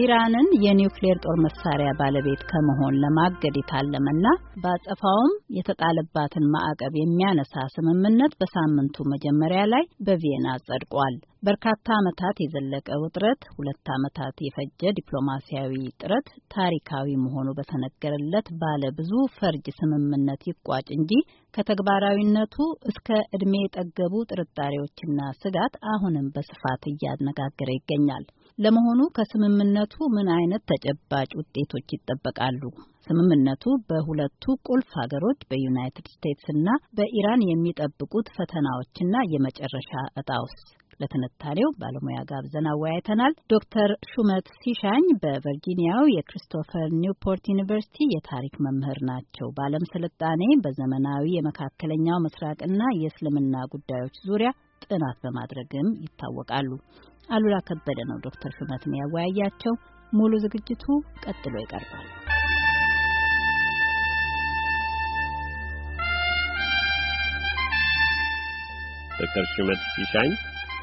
ኢራንን የኒውክሌር ጦር መሳሪያ ባለቤት ከመሆን ለማገድ የታለመና በአጸፋውም የተጣለባትን ማዕቀብ የሚያነሳ ስምምነት በሳምንቱ መጀመሪያ ላይ በቪየና ጸድቋል። በርካታ ዓመታት የዘለቀ ውጥረት፣ ሁለት ዓመታት የፈጀ ዲፕሎማሲያዊ ጥረት ታሪካዊ መሆኑ በተነገረለት ባለ ብዙ ፈርጅ ስምምነት ይቋጭ እንጂ ከተግባራዊነቱ እስከ እድሜ የጠገቡ ጥርጣሬዎችና ስጋት አሁንም በስፋት እያነጋገረ ይገኛል። ለመሆኑ ከስምምነቱ ምን አይነት ተጨባጭ ውጤቶች ይጠበቃሉ? ስምምነቱ በሁለቱ ቁልፍ ሀገሮች በዩናይትድ ስቴትስ እና በኢራን የሚጠብቁት ፈተናዎችና የመጨረሻ እጣውስ ለትንታኔው ባለሙያ ጋብዘን አወያይተናል። ዶክተር ሹመት ሲሻኝ በቨርጂኒያው የክሪስቶፈር ኒውፖርት ዩኒቨርሲቲ የታሪክ መምህር ናቸው። በዓለም ስልጣኔ በዘመናዊ የመካከለኛው ምስራቅና የእስልምና ጉዳዮች ዙሪያ ጥናት በማድረግም ይታወቃሉ። አሉላ ከበደ ነው ዶክተር ሹመትን ያወያያቸው። ሙሉ ዝግጅቱ ቀጥሎ ይቀርባል። ዶክተር ሹመት ሲሻኝ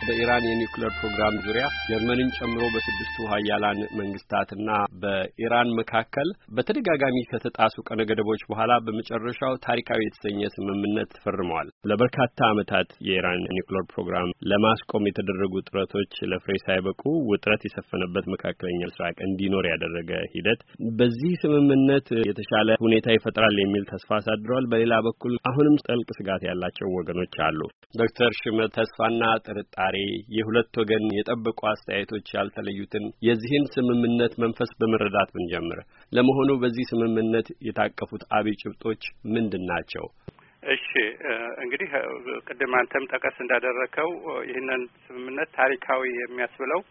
በኢራን የኒውክሌር ፕሮግራም ዙሪያ ጀርመንን ጨምሮ በስድስቱ ሀያላን መንግስታትና በኢራን መካከል በተደጋጋሚ ከተጣሱ ቀነ ገደቦች በኋላ በመጨረሻው ታሪካዊ የተሰኘ ስምምነት ፈርመዋል። ለበርካታ ዓመታት የኢራን ኒውክሌር ፕሮግራም ለማስቆም የተደረጉ ጥረቶች ለፍሬ ሳይበቁ ውጥረት የሰፈነበት መካከለኛ ምስራቅ እንዲኖር ያደረገ ሂደት በዚህ ስምምነት የተሻለ ሁኔታ ይፈጥራል የሚል ተስፋ አሳድረዋል። በሌላ በኩል አሁንም ጥልቅ ስጋት ያላቸው ወገኖች አሉ። ዶክተር ሽመት ተስፋና ጥርጣሬ ዛሬ የሁለት ወገን የጠበቁ አስተያየቶች ያልተለዩትን የዚህን ስምምነት መንፈስ በመረዳት ብንጀምር፣ ለመሆኑ በዚህ ስምምነት የታቀፉት አብይ ጭብጦች ምንድን ናቸው? እሺ እንግዲህ ቅድም አንተም ጠቀስ እንዳደረከው ይህንን ስምምነት ታሪካዊ የሚያስብለው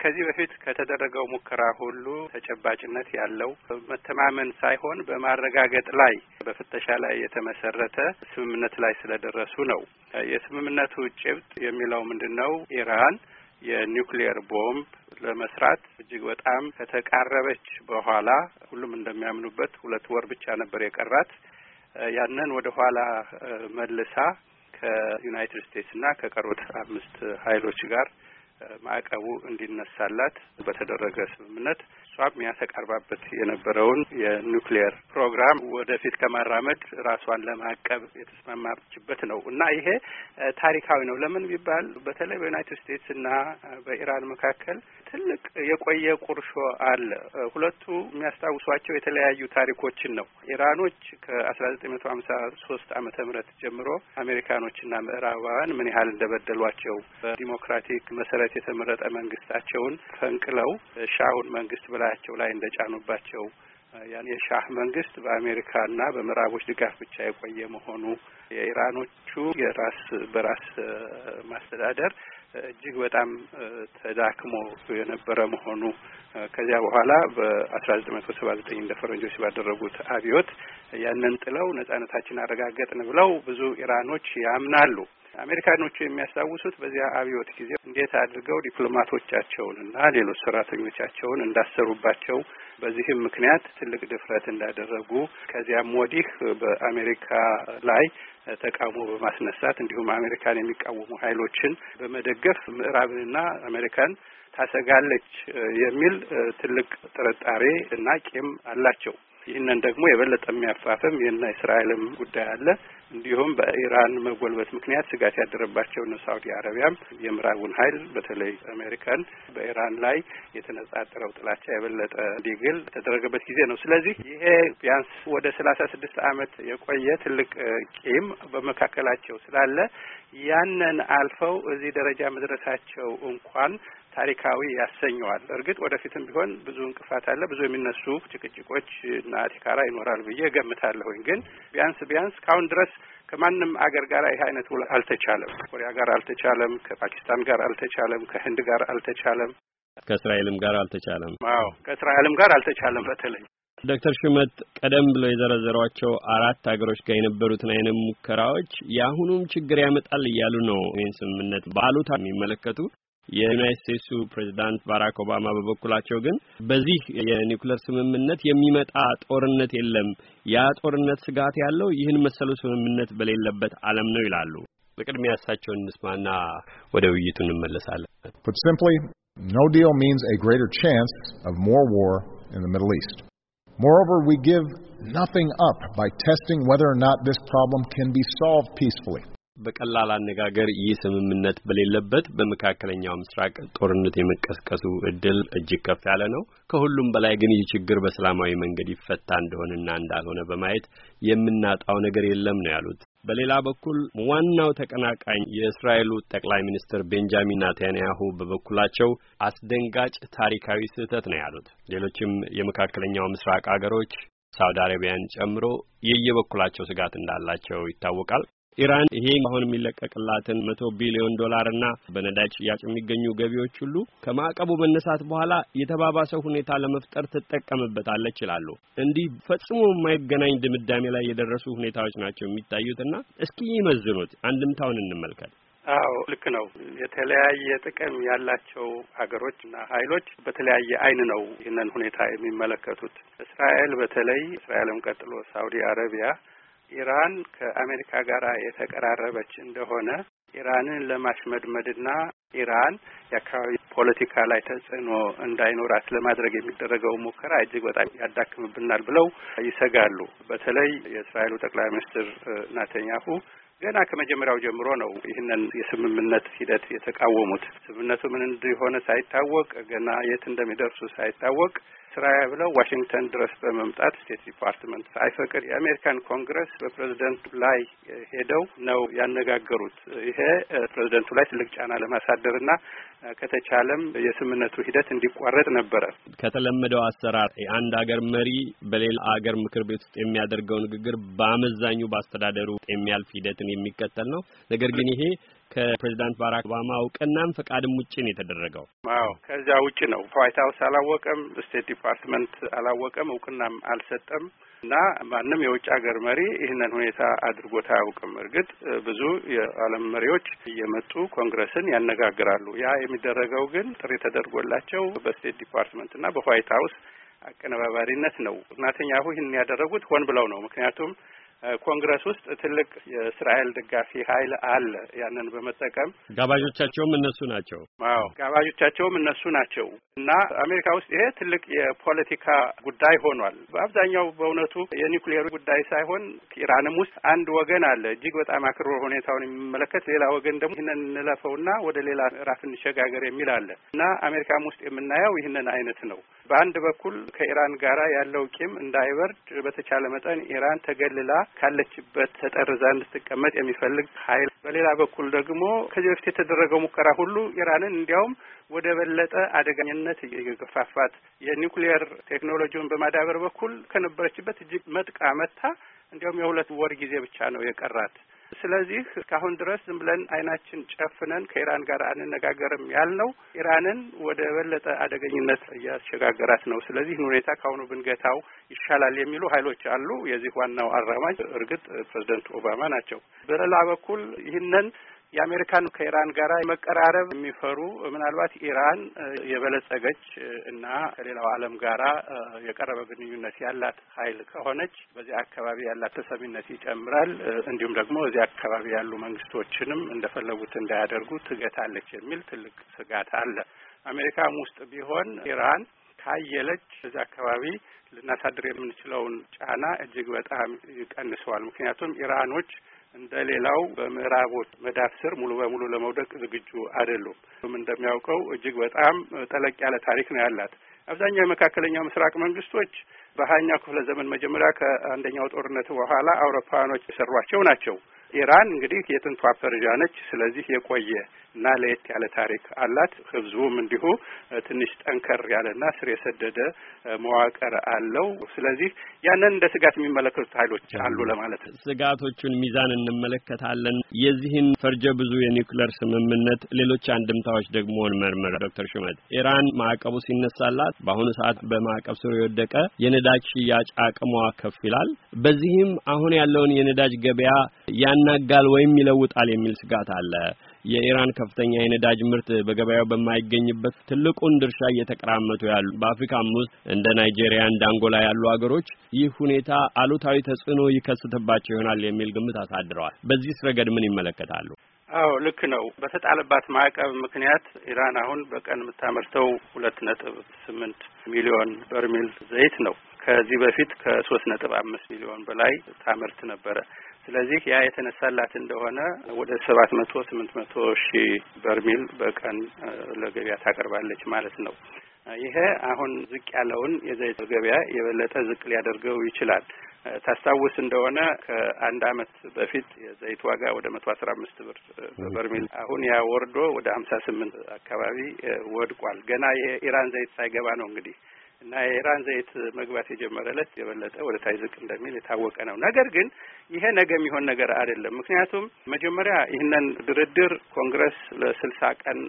ከዚህ በፊት ከተደረገው ሙከራ ሁሉ ተጨባጭነት ያለው መተማመን ሳይሆን በማረጋገጥ ላይ በፍተሻ ላይ የተመሰረተ ስምምነት ላይ ስለደረሱ ነው። የስምምነቱ ጭብጥ የሚለው ምንድን ነው? ኢራን የኒውክሊየር ቦምብ ለመስራት እጅግ በጣም ከተቃረበች በኋላ ሁሉም እንደሚያምኑበት ሁለት ወር ብቻ ነበር የቀራት። ያንን ወደ ኋላ መልሳ ከዩናይትድ ስቴትስ እና ከቀሩት አምስት ኃይሎች ጋር ማዕቀቡ እንዲነሳላት በተደረገ ስምምነት አቅሚያ ተቃርባበት የነበረውን የኒውክሊየር ፕሮግራም ወደፊት ከማራመድ ራሷን ለማቀብ የተስማማችበት ነው እና ይሄ ታሪካዊ ነው። ለምን ቢባል በተለይ በዩናይትድ ስቴትስ እና በኢራን መካከል ትልቅ የቆየ ቁርሾ አለ። ሁለቱ የሚያስታውሷቸው የተለያዩ ታሪኮችን ነው። ኢራኖች ከአስራ ዘጠኝ መቶ ሀምሳ ሶስት አመተ ምህረት ጀምሮ አሜሪካኖችና ምዕራባውያን ምን ያህል እንደበደሏቸው በዲሞክራቲክ መሰረት የተመረጠ መንግስታቸውን ፈንቅለው ሻሁን መንግስት ብላ በላያቸው ላይ እንደጫኑባቸው ያን የሻህ መንግስት በአሜሪካና በምዕራቦች ድጋፍ ብቻ የቆየ መሆኑ የኢራኖቹ የራስ በራስ ማስተዳደር እጅግ በጣም ተዳክሞ የነበረ መሆኑ ከዚያ በኋላ በአስራ ዘጠኝ መቶ ሰባ ዘጠኝ እንደ ፈረንጆች ባደረጉት አብዮት ያንን ጥለው ነጻነታችን አረጋገጥን ብለው ብዙ ኢራኖች ያምናሉ። አሜሪካኖቹ የሚያስታውሱት በዚያ አብዮት ጊዜ እንዴት አድርገው ዲፕሎማቶቻቸውን እና ሌሎች ሰራተኞቻቸውን እንዳሰሩባቸው በዚህም ምክንያት ትልቅ ድፍረት እንዳደረጉ ከዚያም ወዲህ በአሜሪካ ላይ ተቃውሞ በማስነሳት እንዲሁም አሜሪካን የሚቃወሙ ኃይሎችን በመደገፍ ምዕራብንና አሜሪካን ታሰጋለች የሚል ትልቅ ጥርጣሬ እና ቂም አላቸው። ይህንን ደግሞ የበለጠ የሚያፋፍም ይህና እስራኤልም ጉዳይ አለ። እንዲሁም በኢራን መጎልበት ምክንያት ስጋት ያደረባቸው እነ ሳውዲ አረቢያም የምዕራቡን ኃይል በተለይ አሜሪካን በኢራን ላይ የተነጻጠረው ጥላቻ የበለጠ እንዲግል የተደረገበት ጊዜ ነው። ስለዚህ ይሄ ቢያንስ ወደ ሰላሳ ስድስት ዓመት የቆየ ትልቅ ቂም በመካከላቸው ስላለ ያንን አልፈው እዚህ ደረጃ መድረሳቸው እንኳን ታሪካዊ ያሰኘዋል። እርግጥ ወደፊትም ቢሆን ብዙ እንቅፋት አለ፣ ብዙ የሚነሱ ጭቅጭቆች እና ቲካራ ይኖራል ብዬ እገምታለሁኝ። ግን ቢያንስ ቢያንስ ካሁን ድረስ ከማንም አገር ጋር ይህ አይነት ውል አልተቻለም። ከኮሪያ ጋር አልተቻለም፣ ከፓኪስታን ጋር አልተቻለም፣ ከህንድ ጋር አልተቻለም፣ ከእስራኤልም ጋር አልተቻለም። አዎ ከእስራኤልም ጋር አልተቻለም በተለይ ዶክተር ሹመት ቀደም ብሎ የዘረዘሯቸው አራት ሀገሮች ጋር የነበሩትን አይነት ሙከራዎች የአሁኑም ችግር ያመጣል እያሉ ነው ይህን ስምምነት በአሉታ የሚመለከቱ የዩናይት ስቴትሱ ፕሬዚዳንት ባራክ ኦባማ በበኩላቸው ግን በዚህ የኒውክሌር ስምምነት የሚመጣ ጦርነት የለም፣ ያ ጦርነት ስጋት ያለው ይህን መሰሉ ስምምነት በሌለበት ዓለም ነው ይላሉ። በቅድሚያ እሳቸውን እንስማና ወደ ውይይቱ እንመለሳለን። Put simply, no deal means a greater chance of more war in the Middle East. Moreover, we give nothing up by testing whether or not this problem can be solved peacefully. በቀላል አነጋገር ይህ ስምምነት በሌለበት በመካከለኛው ምስራቅ ጦርነት የመቀስቀሱ እድል እጅግ ከፍ ያለ ነው። ከሁሉም በላይ ግን ይህ ችግር በሰላማዊ መንገድ ይፈታ እንደሆነና እንዳልሆነ በማየት የምናጣው ነገር የለም ነው ያሉት። በሌላ በኩል ዋናው ተቀናቃኝ የእስራኤሉ ጠቅላይ ሚኒስትር ቤንጃሚን ናታንያሁ በበኩላቸው አስደንጋጭ ታሪካዊ ስህተት ነው ያሉት። ሌሎችም የመካከለኛው ምስራቅ አገሮች ሳውዲ አረቢያን ጨምሮ የየበኩላቸው ስጋት እንዳላቸው ይታወቃል። ኢራን ይሄ አሁን የሚለቀቅላትን መቶ ቢሊዮን ዶላር ና በነዳጅ ሽያጭ የሚገኙ ገቢዎች ሁሉ ከማዕቀቡ መነሳት በኋላ የተባባሰ ሁኔታ ለመፍጠር ትጠቀምበታለች ይላሉ። እንዲህ ፈጽሞ የማይገናኝ ድምዳሜ ላይ የደረሱ ሁኔታዎች ናቸው የሚታዩትና እስኪ ይመዝኑት፣ አንድምታውን እንመልከት። አዎ ልክ ነው። የተለያየ ጥቅም ያላቸው ሀገሮች እና ሀይሎች በተለያየ አይን ነው ይህንን ሁኔታ የሚመለከቱት። እስራኤል በተለይ እስራኤልም ቀጥሎ ሳውዲ አረቢያ ኢራን ከአሜሪካ ጋር የተቀራረበች እንደሆነ ኢራንን ለማሽመድመድና ኢራን የአካባቢ ፖለቲካ ላይ ተጽዕኖ እንዳይኖራት ለማድረግ የሚደረገው ሙከራ እጅግ በጣም ያዳክምብናል ብለው ይሰጋሉ። በተለይ የእስራኤሉ ጠቅላይ ሚኒስትር ናተኛሁ ገና ከመጀመሪያው ጀምሮ ነው ይህንን የስምምነት ሂደት የተቃወሙት። ስምምነቱ ምን እንደሆነ ሳይታወቅ ገና የት እንደሚደርሱ ሳይታወቅ ስራዬ ብለው ዋሽንግተን ድረስ በመምጣት ስቴት ዲፓርትመንት ሳይፈቅድ የአሜሪካን ኮንግረስ በፕሬዚደንቱ ላይ ሄደው ነው ያነጋገሩት። ይሄ ፕሬዚደንቱ ላይ ትልቅ ጫና ለማሳደር እና ከተቻለም የስምነቱ ሂደት እንዲቋረጥ ነበረ። ከተለመደው አሰራር የአንድ አገር መሪ በሌላ አገር ምክር ቤት ውስጥ የሚያደርገው ንግግር በአመዛኙ በአስተዳደሩ የሚያልፍ ሂደትን የሚከተል ነው። ነገር ግን ይሄ ከፕሬዚዳንት ባራክ ኦባማ እውቅናም ፈቃድም ውጭ ነው የተደረገው። አዎ ከዚያ ውጭ ነው። ዋይት ሀውስ አላወቀም፣ ስቴት ዲፓርትመንት አላወቀም፣ እውቅናም አልሰጠም እና ማንም የውጭ ሀገር መሪ ይህንን ሁኔታ አድርጎት አያውቅም። እርግጥ ብዙ የዓለም መሪዎች እየመጡ ኮንግረስን ያነጋግራሉ። ያ የሚደረገው ግን ጥሪ ተደርጎላቸው በስቴት ዲፓርትመንት እና በዋይት ሀውስ አቀነባባሪነት ነው። እናተኛሁ ይህን ያደረጉት ሆን ብለው ነው። ምክንያቱም ኮንግረስ ውስጥ ትልቅ የእስራኤል ደጋፊ ኃይል አለ። ያንን በመጠቀም ጋባዦቻቸውም እነሱ ናቸው። አዎ ጋባዦቻቸውም እነሱ ናቸው እና አሜሪካ ውስጥ ይሄ ትልቅ የፖለቲካ ጉዳይ ሆኗል። በአብዛኛው በእውነቱ የኒውክሌሩ ጉዳይ ሳይሆን ኢራንም ውስጥ አንድ ወገን አለ እጅግ በጣም አክሮ ሁኔታውን የሚመለከት ሌላ ወገን ደግሞ ይህንን እንለፈውና ወደ ሌላ ምዕራፍ እንሸጋገር የሚል አለ እና አሜሪካም ውስጥ የምናየው ይህንን አይነት ነው። በአንድ በኩል ከኢራን ጋራ ያለው ቂም እንዳይበርድ በተቻለ መጠን ኢራን ተገልላ ካለችበት ተጠርዛ እንድትቀመጥ የሚፈልግ ኃይል፣ በሌላ በኩል ደግሞ ከዚህ በፊት የተደረገው ሙከራ ሁሉ ኢራንን እንዲያውም ወደ በለጠ አደገኝነት እየገፋፋት የኒውክሊየር ቴክኖሎጂውን በማዳበር በኩል ከነበረችበት እጅግ መጥቃ መታ እንዲያውም የሁለት ወር ጊዜ ብቻ ነው የቀራት። ስለዚህ እስካሁን ድረስ ዝም ብለን አይናችን ጨፍነን ከኢራን ጋር አንነጋገርም ያልነው ኢራንን ወደ በለጠ አደገኝነት እያሸጋገራት ነው። ስለዚህን ሁኔታ ከአሁኑ ብንገታው ይሻላል የሚሉ ኃይሎች አሉ። የዚህ ዋናው አራማጅ እርግጥ ፕሬዚደንት ኦባማ ናቸው። በሌላ በኩል ይህንን የአሜሪካን ከኢራን ጋር መቀራረብ የሚፈሩ ምናልባት ኢራን የበለጸገች እና ከሌላው ዓለም ጋራ የቀረበ ግንኙነት ያላት ኃይል ከሆነች በዚህ አካባቢ ያላት ተሰሚነት ይጨምራል። እንዲሁም ደግሞ እዚህ አካባቢ ያሉ መንግስቶችንም እንደፈለጉት እንዳያደርጉ ትገታለች የሚል ትልቅ ስጋት አለ። አሜሪካም ውስጥ ቢሆን ኢራን ካየለች እዚህ አካባቢ ልናሳድር የምንችለውን ጫና እጅግ በጣም ይቀንሰዋል። ምክንያቱም ኢራኖች እንደ ሌላው በምዕራቦች መዳፍ ስር ሙሉ በሙሉ ለመውደቅ ዝግጁ አይደሉም። እንደሚያውቀው እጅግ በጣም ጠለቅ ያለ ታሪክ ነው ያላት። አብዛኛው የመካከለኛው ምስራቅ መንግስቶች በሀያኛው ክፍለ ዘመን መጀመሪያ ከአንደኛው ጦርነት በኋላ አውሮፓውያኖች የሰሯቸው ናቸው። ኢራን እንግዲህ የጥንቷ ፐርዣ ነች። ስለዚህ የቆየ እና ለየት ያለ ታሪክ አላት። ህዝቡም እንዲሁ ትንሽ ጠንከር ያለና ስር የሰደደ መዋቅር አለው። ስለዚህ ያንን እንደ ስጋት የሚመለከቱት ኃይሎች አሉ ለማለት ነው። ስጋቶቹን ሚዛን እንመለከታለን። የዚህን ፈርጀ ብዙ የኒውክሌር ስምምነት ሌሎች አንድምታዎች ደግሞ እንመርምር። ዶክተር ሹመት ኢራን ማዕቀቡ ሲነሳላት በአሁኑ ሰዓት በማዕቀብ ስር የወደቀ የነዳጅ ሽያጭ አቅሟ ከፍ ይላል። በዚህም አሁን ያለውን የነዳጅ ገበያ ያናጋል ወይም ይለውጣል የሚል ስጋት አለ። የኢራን ከፍተኛ የነዳጅ ምርት በገበያው በማይገኝበት ትልቁን ድርሻ እየተቀራመቱ ያሉ በአፍሪካም ውስጥ እንደ ናይጄሪያ፣ እንደ አንጎላ ያሉ አገሮች ይህ ሁኔታ አሉታዊ ተጽዕኖ ይከስትባቸው ይሆናል የሚል ግምት አሳድረዋል። በዚህ ረገድ ምን ይመለከታሉ? አዎ ልክ ነው። በተጣለባት ማዕቀብ ምክንያት ኢራን አሁን በቀን የምታመርተው ሁለት ነጥብ ስምንት ሚሊዮን በርሜል ዘይት ነው። ከዚህ በፊት ከሶስት ነጥብ አምስት ሚሊዮን በላይ ታመርት ነበረ። ስለዚህ ያ የተነሳላት እንደሆነ ወደ ሰባት መቶ ስምንት መቶ ሺህ በርሜል በቀን ለገበያ ታቀርባለች ማለት ነው። ይሄ አሁን ዝቅ ያለውን የዘይት ገበያ የበለጠ ዝቅ ሊያደርገው ይችላል። ታስታውስ እንደሆነ ከአንድ አመት በፊት የዘይት ዋጋ ወደ መቶ አስራ አምስት ብር በርሜል አሁን ያ ወርዶ ወደ ሀምሳ ስምንት አካባቢ ወድቋል። ገና የኢራን ዘይት ሳይገባ ነው እንግዲህ እና የኢራን ዘይት መግባት የጀመረ ዕለት የበለጠ ወደ ታች ዝቅ እንደሚል የታወቀ ነው። ነገር ግን ይሄ ነገ የሚሆን ነገር አይደለም። ምክንያቱም መጀመሪያ ይህንን ድርድር ኮንግረስ ለስልሳ ቀን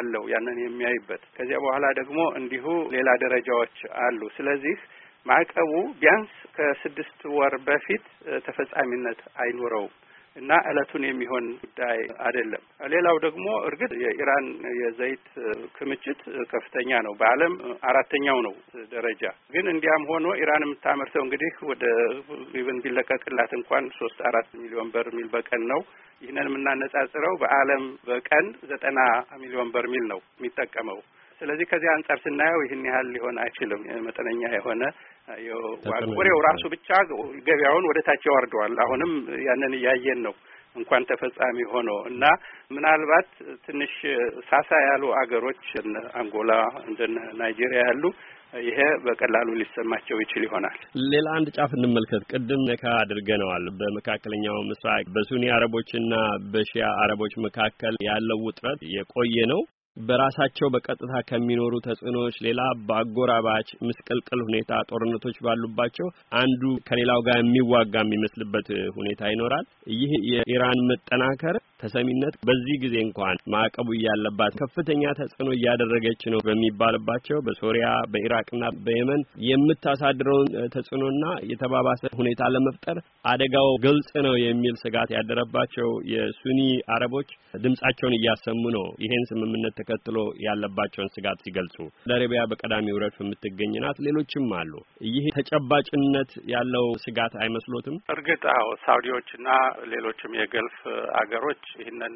አለው ያንን የሚያይበት። ከዚያ በኋላ ደግሞ እንዲሁ ሌላ ደረጃዎች አሉ። ስለዚህ ማዕቀቡ ቢያንስ ከስድስት ወር በፊት ተፈጻሚነት አይኖረውም። እና እለቱን የሚሆን ጉዳይ አይደለም። ሌላው ደግሞ እርግጥ የኢራን የዘይት ክምችት ከፍተኛ ነው። በዓለም አራተኛው ነው ደረጃ። ግን እንዲያም ሆኖ ኢራን የምታመርተው እንግዲህ ወደ ኢቨን ቢለቀቅላት እንኳን ሶስት አራት ሚሊዮን በርሚል በቀን ነው። ይህንን የምናነጻጽረው በዓለም በቀን ዘጠና ሚሊዮን በርሚል ነው የሚጠቀመው ስለዚህ ከዚህ አንጻር ስናየው ይህን ያህል ሊሆን አይችልም። መጠነኛ የሆነ የቁሬው ራሱ ብቻ ገበያውን ወደ ታች ያወርደዋል። አሁንም ያንን እያየን ነው እንኳን ተፈጻሚ ሆኖ እና ምናልባት ትንሽ ሳሳ ያሉ አገሮች እነ አንጎላ እንደነ ናይጄሪያ ያሉ ይሄ በቀላሉ ሊሰማቸው ይችል ይሆናል። ሌላ አንድ ጫፍ እንመልከት። ቅድም ነካ አድርገነዋል። በመካከለኛው ምስራቅ በሱኒ አረቦችና በሺያ አረቦች መካከል ያለው ውጥረት የቆየ ነው። በራሳቸው በቀጥታ ከሚኖሩ ተጽዕኖዎች ሌላ በአጎራባች ምስቅልቅል ሁኔታ ጦርነቶች ባሉባቸው አንዱ ከሌላው ጋር የሚዋጋ የሚመስልበት ሁኔታ ይኖራል። ይህ የኢራን መጠናከር ተሰሚነት በዚህ ጊዜ እንኳን ማዕቀቡ እያለባት ከፍተኛ ተጽዕኖ እያደረገች ነው በሚባልባቸው በሶሪያ በኢራቅና በየመን የምታሳድረውን ተጽዕኖና የተባባሰ ሁኔታ ለመፍጠር አደጋው ግልጽ ነው የሚል ስጋት ያደረባቸው የሱኒ አረቦች ድምጻቸውን እያሰሙ ነው። ይሄን ስምምነት ተከትሎ ያለባቸውን ስጋት ሲገልጹ ለአረቢያ በቀዳሚው ረድፍ የምትገኝ ናት። ሌሎችም አሉ። ይህ ተጨባጭነት ያለው ስጋት አይመስሎትም? እርግጥ አዎ፣ ሳውዲዎችና ሌሎችም የገልፍ አገሮች ይህንን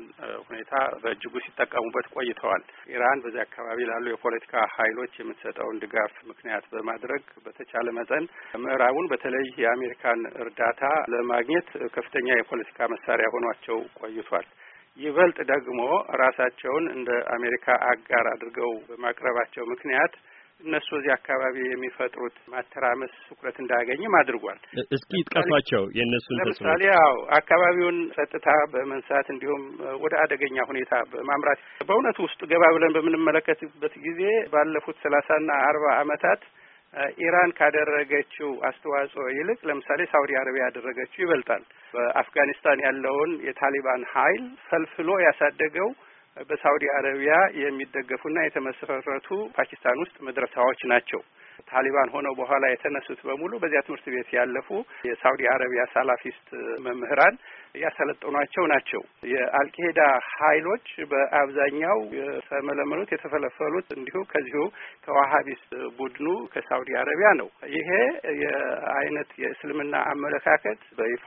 ሁኔታ በእጅጉ ሲጠቀሙበት ቆይተዋል። ኢራን በዚህ አካባቢ ላሉ የፖለቲካ ኃይሎች የምትሰጠውን ድጋፍ ምክንያት በማድረግ በተቻለ መጠን ምዕራቡን በተለይ የአሜሪካን እርዳታ ለማግኘት ከፍተኛ የፖለቲካ መሳሪያ ሆኗቸው ቆይቷል። ይበልጥ ደግሞ ራሳቸውን እንደ አሜሪካ አጋር አድርገው በማቅረባቸው ምክንያት እነሱ እዚህ አካባቢ የሚፈጥሩት ማተራመስ ትኩረት እንዳያገኝም አድርጓል። እስኪ ይጥቀሷቸው የእነሱን ለምሳሌ ያው አካባቢውን ጸጥታ በመንሳት እንዲሁም ወደ አደገኛ ሁኔታ በማምራት በእውነቱ ውስጥ ገባ ብለን በምንመለከትበት ጊዜ ባለፉት ሰላሳና አርባ አመታት ኢራን ካደረገችው አስተዋጽኦ ይልቅ ለምሳሌ ሳውዲ አረቢያ ያደረገችው ይበልጣል። በአፍጋኒስታን ያለውን የታሊባን ኃይል ፈልፍሎ ያሳደገው በሳውዲ አረቢያ የሚደገፉና የተመሰረቱ ፓኪስታን ውስጥ መድረሳዎች ናቸው። ታሊባን ሆነው በኋላ የተነሱት በሙሉ በዚያ ትምህርት ቤት ያለፉ የሳውዲ አረቢያ ሳላፊስት መምህራን ያሰለጠኗቸው ናቸው። የአልቄሄዳ ኃይሎች በአብዛኛው የተመለመሉት የተፈለፈሉት እንዲሁ ከዚሁ ከዋሀቢስ ቡድኑ ከሳውዲ አረቢያ ነው። ይሄ የአይነት የእስልምና አመለካከት በይፋ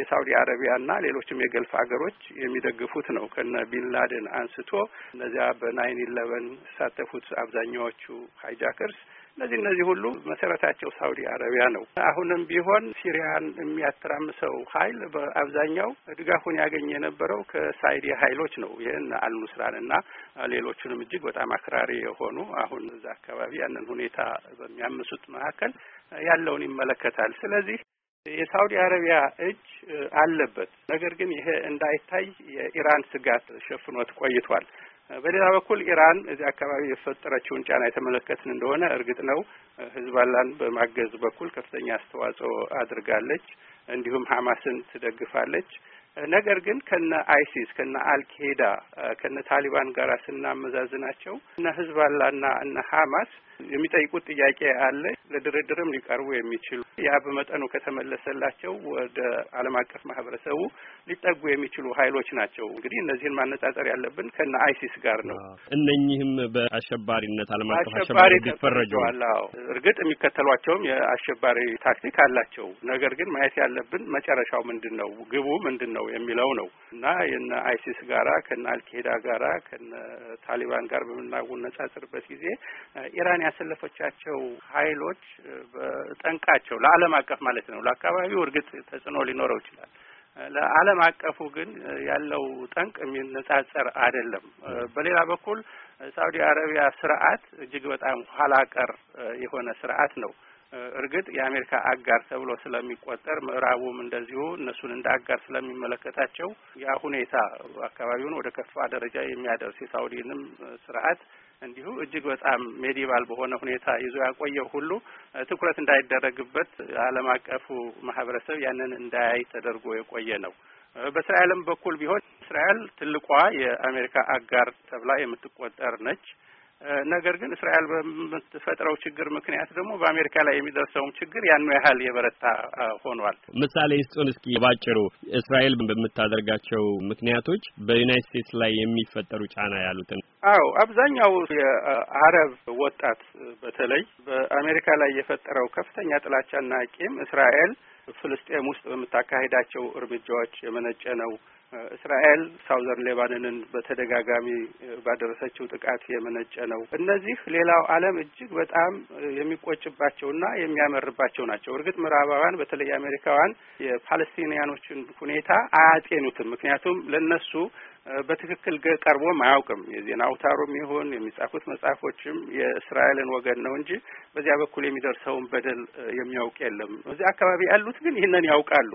የሳውዲ አረቢያና ሌሎችም የገልፍ ሀገሮች የሚደግፉት ነው። ከነ ቢንላደን አንስቶ እነዚያ በናይን ኢለቨን የተሳተፉት አብዛኛዎቹ ሃይጃከርስ እነዚህ እነዚህ ሁሉ መሰረታቸው ሳውዲ አረቢያ ነው። አሁንም ቢሆን ሲሪያን የሚያተራምሰው ኃይል በአብዛኛው ድጋፉን ያገኘ የነበረው ከሳይዲ ኃይሎች ነው። ይህን አልኑስራን እና ሌሎቹንም እጅግ በጣም አክራሪ የሆኑ አሁን እዛ አካባቢ ያንን ሁኔታ በሚያምሱት መካከል ያለውን ይመለከታል። ስለዚህ የሳውዲ አረቢያ እጅ አለበት። ነገር ግን ይሄ እንዳይታይ የኢራን ስጋት ሸፍኖት ቆይቷል። በሌላ በኩል ኢራን እዚህ አካባቢ የፈጠረችውን ጫና የተመለከትን እንደሆነ እርግጥ ነው ህዝባላን በማገዝ በኩል ከፍተኛ አስተዋጽኦ አድርጋለች። እንዲሁም ሀማስን ትደግፋለች። ነገር ግን ከነ አይሲስ ከነ አልካይዳ ከነ ታሊባን ጋር ስናመዛዝናቸው እነ ህዝባላና እነ ሀማስ የሚጠይቁት ጥያቄ አለ። ለድርድርም ሊቀርቡ የሚችሉ ያ በመጠኑ ከተመለሰላቸው ወደ ዓለም አቀፍ ማህበረሰቡ ሊጠጉ የሚችሉ ሀይሎች ናቸው። እንግዲህ እነዚህን ማነጻጸር ያለብን ከነ አይሲስ ጋር ነው። እነኚህም በአሸባሪነት ዓለም አቀፍ አሸባሪ እርግጥ የሚከተሏቸውም የአሸባሪ ታክቲክ አላቸው። ነገር ግን ማየት ያለብን መጨረሻው ምንድን ነው፣ ግቡ ምንድን ነው የሚለው ነው እና የነ አይሲስ ጋራ ከነ አልኬዳ ጋራ ከነ ታሊባን ጋር በምናነጻጽርበት ጊዜ ኢራን ያሰለፈቻቸው ሀይሎች ሀገሮች በጠንቃቸው ለዓለም አቀፍ ማለት ነው። ለአካባቢው እርግጥ ተጽዕኖ ሊኖረው ይችላል። ለዓለም አቀፉ ግን ያለው ጠንቅ የሚነጻጸር አይደለም። በሌላ በኩል ሳውዲ አረቢያ ስርዓት እጅግ በጣም ኋላቀር የሆነ ስርዓት ነው። እርግጥ የአሜሪካ አጋር ተብሎ ስለሚቆጠር ምዕራቡም እንደዚሁ እነሱን እንደ አጋር ስለሚመለከታቸው ያ ሁኔታ አካባቢውን ወደ ከፋ ደረጃ የሚያደርስ የሳውዲንም ስርዓት እንዲሁ እጅግ በጣም ሜዲቫል በሆነ ሁኔታ ይዞ ያቆየው ሁሉ ትኩረት እንዳይደረግበት ዓለም አቀፉ ማህበረሰብ ያንን እንዳያይ ተደርጎ የቆየ ነው። በእስራኤልም በኩል ቢሆን እስራኤል ትልቋ የአሜሪካ አጋር ተብላ የምትቆጠር ነች። ነገር ግን እስራኤል በምትፈጥረው ችግር ምክንያት ደግሞ በአሜሪካ ላይ የሚደርሰውም ችግር ያኑ ያህል የበረታ ሆኗል። ምሳሌ ስጡን እስኪ ባጭሩ። እስራኤል በምታደርጋቸው ምክንያቶች በዩናይት ስቴትስ ላይ የሚፈጠሩ ጫና ያሉትን አዎ አብዛኛው የአረብ ወጣት በተለይ በአሜሪካ ላይ የፈጠረው ከፍተኛ ጥላቻና ቂም እስራኤል ፍልስጤም ውስጥ በምታካሄዳቸው እርምጃዎች የመነጨ ነው። እስራኤል ሳውዘርን ሌባኖንን በተደጋጋሚ ባደረሰችው ጥቃት የመነጨ ነው። እነዚህ ሌላው ዓለም እጅግ በጣም የሚቆጭባቸውና የሚያመርባቸው ናቸው። እርግጥ ምዕራባውያን በተለይ አሜሪካውያን የፓለስቲንያኖችን ሁኔታ አያጤኑትም። ምክንያቱም ለነሱ በትክክል ቀርቦም አያውቅም። የዜና አውታሩም ይሁን የሚጻፉት መጽሐፎችም የእስራኤልን ወገን ነው እንጂ በዚያ በኩል የሚደርሰውን በደል የሚያውቅ የለም። እዚያ አካባቢ ያሉት ግን ይህንን ያውቃሉ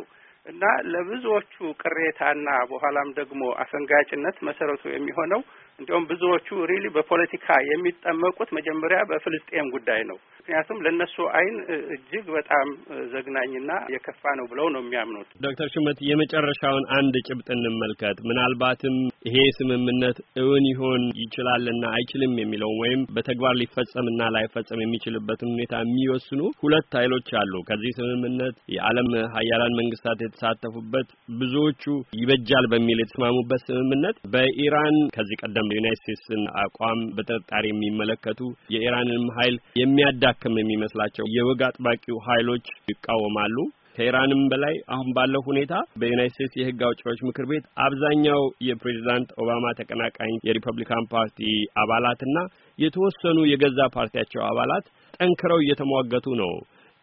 እና ለብዙዎቹ ቅሬታና በኋላም ደግሞ አፈንጋጭነት መሰረቱ የሚሆነው እንዲሁም ብዙዎቹ ሪሊ በፖለቲካ የሚጠመቁት መጀመሪያ በፍልስጤም ጉዳይ ነው። ምክንያቱም ለእነሱ አይን እጅግ በጣም ዘግናኝና የከፋ ነው ብለው ነው የሚያምኑት። ዶክተር ሹመት የመጨረሻውን አንድ ጭብጥ እንመልከት። ምናልባትም ይሄ ስምምነት እውን ይሆን ይችላልና አይችልም የሚለውን ወይም በተግባር ሊፈጸምና ላይፈጸም የሚችልበትን ሁኔታ የሚወስኑ ሁለት ኃይሎች አሉ። ከዚህ ስምምነት የዓለም ሀያላን መንግስታት የተሳተፉበት ብዙዎቹ ይበጃል በሚል የተስማሙበት ስምምነት በኢራን ከዚህ ቀደም እንደ ስቴትስን አቋም በጥርጣሬ የሚመለከቱ የኢራንንም ኃይል የሚያዳክም የሚመስላቸው የወግ አጥባቂው ኃይሎች ይቃወማሉ። ከኢራንም በላይ አሁን ባለው ሁኔታ በዩናይት ስቴትስ የሕግ አውጪዎች ምክር ቤት አብዛኛው የፕሬዚዳንት ኦባማ ተቀናቃኝ የሪፐብሊካን ፓርቲ አባላትና የተወሰኑ የገዛ ፓርቲያቸው አባላት ጠንክረው እየተሟገቱ ነው።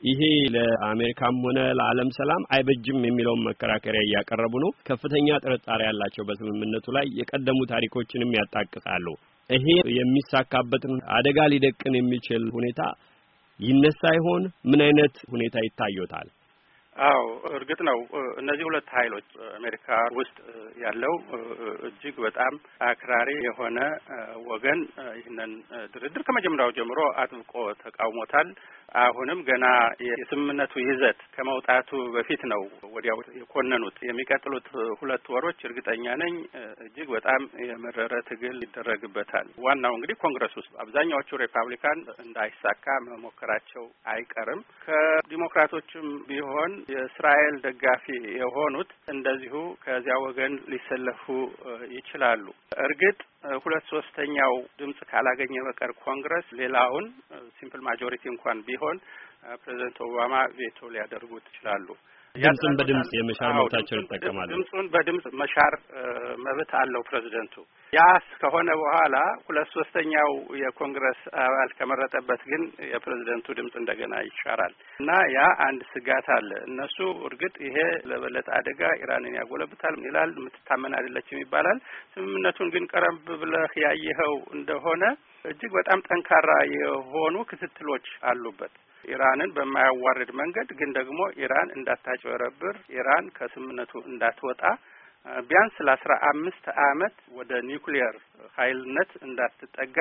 ይሄ ለአሜሪካም ሆነ ለዓለም ሰላም አይበጅም የሚለውን መከራከሪያ እያቀረቡ ነው። ከፍተኛ ጥርጣሬ ያላቸው በስምምነቱ ላይ የቀደሙ ታሪኮችንም ያጣቅሳሉ። ይሄ የሚሳካበትን አደጋ ሊደቅን የሚችል ሁኔታ ይነሳ ይሆን? ምን አይነት ሁኔታ ይታዩታል? አዎ እርግጥ ነው እነዚህ ሁለት ኃይሎች አሜሪካ ውስጥ ያለው እጅግ በጣም አክራሪ የሆነ ወገን ይህንን ድርድር ከመጀመሪያው ጀምሮ አጥብቆ ተቃውሞታል። አሁንም ገና የስምምነቱ ይዘት ከመውጣቱ በፊት ነው ወዲያው የኮነኑት። የሚቀጥሉት ሁለት ወሮች እርግጠኛ ነኝ እጅግ በጣም የመረረ ትግል ይደረግበታል። ዋናው እንግዲህ ኮንግረስ ውስጥ አብዛኛዎቹ ሪፐብሊካን እንዳይሳካ መሞከራቸው አይቀርም። ከዲሞክራቶችም ቢሆን የእስራኤል ደጋፊ የሆኑት እንደዚሁ ከዚያ ወገን ሊሰለፉ ይችላሉ። እርግጥ ሁለት ሶስተኛው ድምጽ ካላገኘ በቀር ኮንግረስ ሌላውን ሲምፕል ማጆሪቲ እንኳን ቢሆን ፕሬዚደንት ኦባማ ቬቶ ሊያደርጉት ይችላሉ። ድምፁን በድምፅ የመሻር መብታቸውን ይጠቀማሉ። ድምፁን በድምፅ መሻር መብት አለው ፕሬዚደንቱ። ያ ከሆነ በኋላ ሁለት ሶስተኛው የኮንግረስ አባል ከመረጠበት ግን የፕሬዚደንቱ ድምፅ እንደገና ይሻራል እና ያ አንድ ስጋት አለ። እነሱ እርግጥ ይሄ ለበለጠ አደጋ ኢራንን ያጎለብታል ይላል፣ የምትታመን አይደለችም ይባላል። ስምምነቱን ግን ቀረብ ብለህ ያየኸው እንደሆነ እጅግ በጣም ጠንካራ የሆኑ ክትትሎች አሉበት። ኢራንን በማያዋርድ መንገድ ግን ደግሞ ኢራን እንዳታጭበረብር፣ ኢራን ከስምምነቱ እንዳትወጣ ቢያንስ ለአስራ አምስት አመት ወደ ኒውክሊየር ኃይልነት እንዳትጠጋ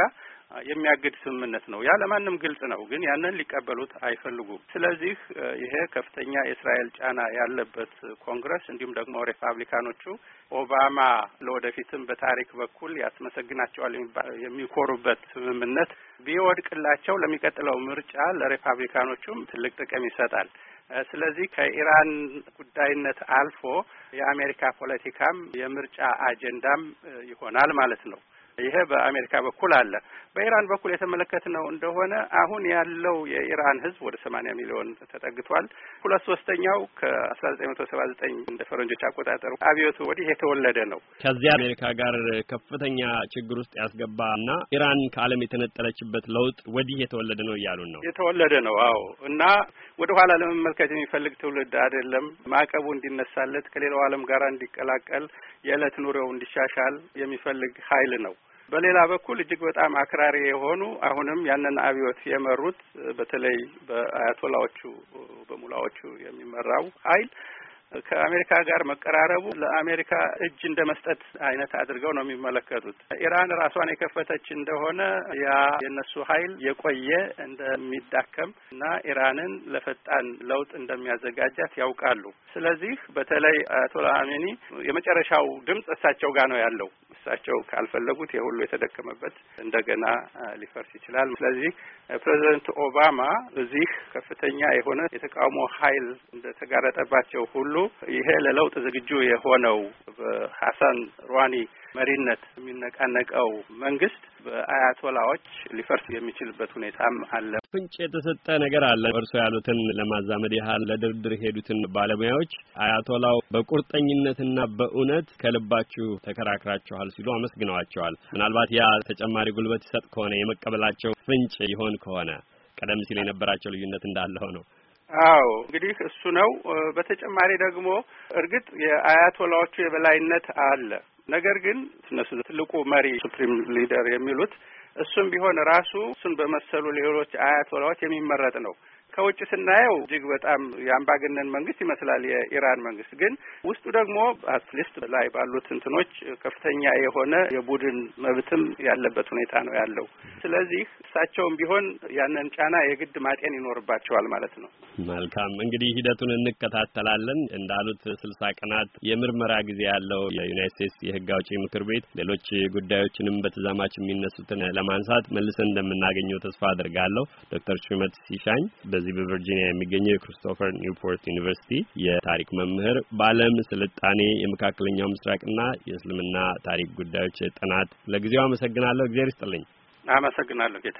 የሚያግድ ስምምነት ነው። ያ ለማንም ግልጽ ነው፣ ግን ያንን ሊቀበሉት አይፈልጉም። ስለዚህ ይሄ ከፍተኛ የእስራኤል ጫና ያለበት ኮንግረስ እንዲሁም ደግሞ ሪፓብሊካኖቹ ኦባማ ለወደፊትም በታሪክ በኩል ያስመሰግናቸዋል የሚኮሩበት ስምምነት ቢወድቅላቸው ለሚቀጥለው ምርጫ ለሪፓብሊካኖቹም ትልቅ ጥቅም ይሰጣል። ስለዚህ ከኢራን ጉዳይነት አልፎ የአሜሪካ ፖለቲካም የምርጫ አጀንዳም ይሆናል ማለት ነው። ይሄ በአሜሪካ በኩል አለ። በኢራን በኩል የተመለከትነው እንደሆነ አሁን ያለው የኢራን ህዝብ ወደ ሰማንያ ሚሊዮን ተጠግቷል። ሁለት ሶስተኛው ከአስራ ዘጠኝ መቶ ሰባ ዘጠኝ እንደ ፈረንጆች አቆጣጠሩ አብዮቱ ወዲህ የተወለደ ነው። ከዚያ አሜሪካ ጋር ከፍተኛ ችግር ውስጥ ያስገባ እና ኢራን ከዓለም የተነጠለችበት ለውጥ ወዲህ የተወለደ ነው እያሉን ነው። የተወለደ ነው። አዎ እና ወደ ኋላ ለመመልከት የሚፈልግ ትውልድ አይደለም። ማዕቀቡ እንዲነሳለት ከሌላው ዓለም ጋር እንዲቀላቀል የዕለት ኑሮው እንዲሻሻል የሚፈልግ ኃይል ነው። በሌላ በኩል እጅግ በጣም አክራሪ የሆኑ አሁንም ያንን አብዮት የመሩት በተለይ በአያቶላዎቹ በሙላዎቹ የሚመራው ኃይል ከአሜሪካ ጋር መቀራረቡ ለአሜሪካ እጅ እንደ መስጠት አይነት አድርገው ነው የሚመለከቱት። ኢራን ራሷን የከፈተች እንደሆነ ያ የእነሱ ኃይል የቆየ እንደሚዳከም እና ኢራንን ለፈጣን ለውጥ እንደሚያዘጋጃት ያውቃሉ። ስለዚህ በተለይ አቶ ለአሜኒ የመጨረሻው ድምፅ እሳቸው ጋር ነው ያለው። እሳቸው ካልፈለጉት የሁሉ የተደከመበት እንደገና ሊፈርስ ይችላል። ስለዚህ ፕሬዚደንት ኦባማ እዚህ ከፍተኛ የሆነ የተቃውሞ ኃይል እንደተጋረጠባቸው ሁሉ ይሄ ለለውጥ ዝግጁ የሆነው በሐሳን ሩዋኒ መሪነት የሚነቃነቀው መንግስት በአያቶላዎች ሊፈርስ የሚችልበት ሁኔታም አለ። ፍንጭ የተሰጠ ነገር አለ። እርስዎ ያሉትን ለማዛመድ ያህል ለድርድር የሄዱትን ባለሙያዎች አያቶላው በቁርጠኝነትና በእውነት ከልባችሁ ተከራክራችኋል ሲሉ አመስግነዋቸዋል። ምናልባት ያ ተጨማሪ ጉልበት ይሰጥ ከሆነ የመቀበላቸው ፍንጭ ይሆን ከሆነ ቀደም ሲል የነበራቸው ልዩነት እንዳለ ሆነው አዎ እንግዲህ እሱ ነው። በተጨማሪ ደግሞ እርግጥ የአያቶላዎቹ የበላይነት አለ። ነገር ግን እነሱ ትልቁ መሪ ሱፕሪም ሊደር የሚሉት እሱም ቢሆን ራሱ እሱን በመሰሉ ሌሎች አያቶላዎች የሚመረጥ ነው። ከውጭ ስናየው እጅግ በጣም የአምባገነን መንግስት ይመስላል የኢራን መንግስት። ግን ውስጡ ደግሞ አትሊስት ላይ ባሉት እንትኖች ከፍተኛ የሆነ የቡድን መብትም ያለበት ሁኔታ ነው ያለው። ስለዚህ እሳቸውም ቢሆን ያንን ጫና የግድ ማጤን ይኖርባቸዋል ማለት ነው። መልካም እንግዲህ ሂደቱን እንከታተላለን። እንዳሉት ስልሳ ቀናት የምርመራ ጊዜ ያለው የዩናይት ስቴትስ የህግ አውጪ ምክር ቤት ሌሎች ጉዳዮችንም በተዛማች የሚነሱትን ለማንሳት መልሰን እንደምናገኘው ተስፋ አድርጋለሁ። ዶክተር ሹመት ሲሻኝ በዚህ በቨርጂኒያ የሚገኘው የክሪስቶፈር ኒውፖርት ዩኒቨርሲቲ የታሪክ መምህር በዓለም ስልጣኔ የመካከለኛው ምስራቅና የእስልምና ታሪክ ጉዳዮች ጥናት። ለጊዜው አመሰግናለሁ። እግዜር ይስጥልኝ። አመሰግናለሁ ጌታ